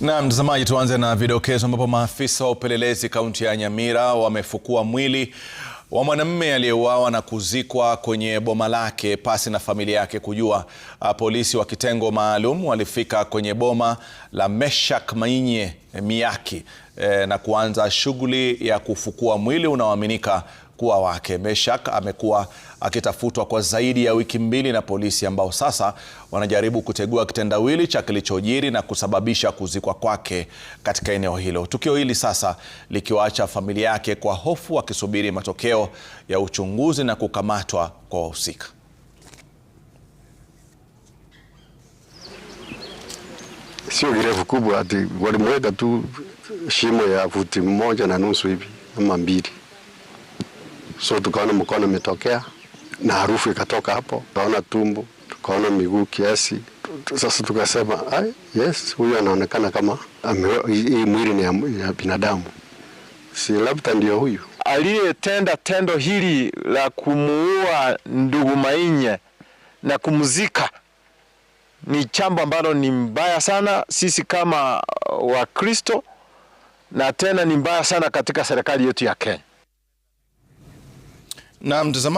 Na mtazamaji, tuanze na vidokezo ambapo maafisa wa upelelezi kaunti ya Nyamira wamefukua mwili wa mwanamume aliyeuawa na kuzikwa kwenye boma lake pasi na familia yake kujua. Ah, polisi wa kitengo maalum walifika kwenye boma la Meshak Mainye Miyaki eh, na kuanza shughuli ya kufukua mwili unaoaminika kuwa wake. Meshak amekuwa akitafutwa kwa zaidi ya wiki mbili na polisi ambao sasa wanajaribu kutegua kitendawili cha kilichojiri na kusababisha kuzikwa kwake katika eneo hilo. Tukio hili sasa likiwaacha familia yake kwa hofu wakisubiri matokeo ya uchunguzi na kukamatwa kwa wahusika. Sio virefu kubwa ati walimweka tu shimo ya futi moja na nusu hivi ama mbili, so tukaona mkono umetokea na harufu ikatoka hapo, tukaona tumbo, tukaona miguu kiasi. Sasa tukasema yes, huyu anaonekana kama hii mwili ni ya, ya binadamu, si labda ndio huyu aliyetenda tendo hili la kumuua ndugu Mainye na kumzika ni jambo ambalo ni mbaya sana. Sisi kama uh, Wakristo na tena ni mbaya sana katika serikali yetu ya Kenya na mtazama